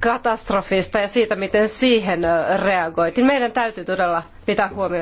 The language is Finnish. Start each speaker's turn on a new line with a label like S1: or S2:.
S1: katastrofista ja siitä, miten siihen reagoitiin. Meidän täytyy todella pitää huomioon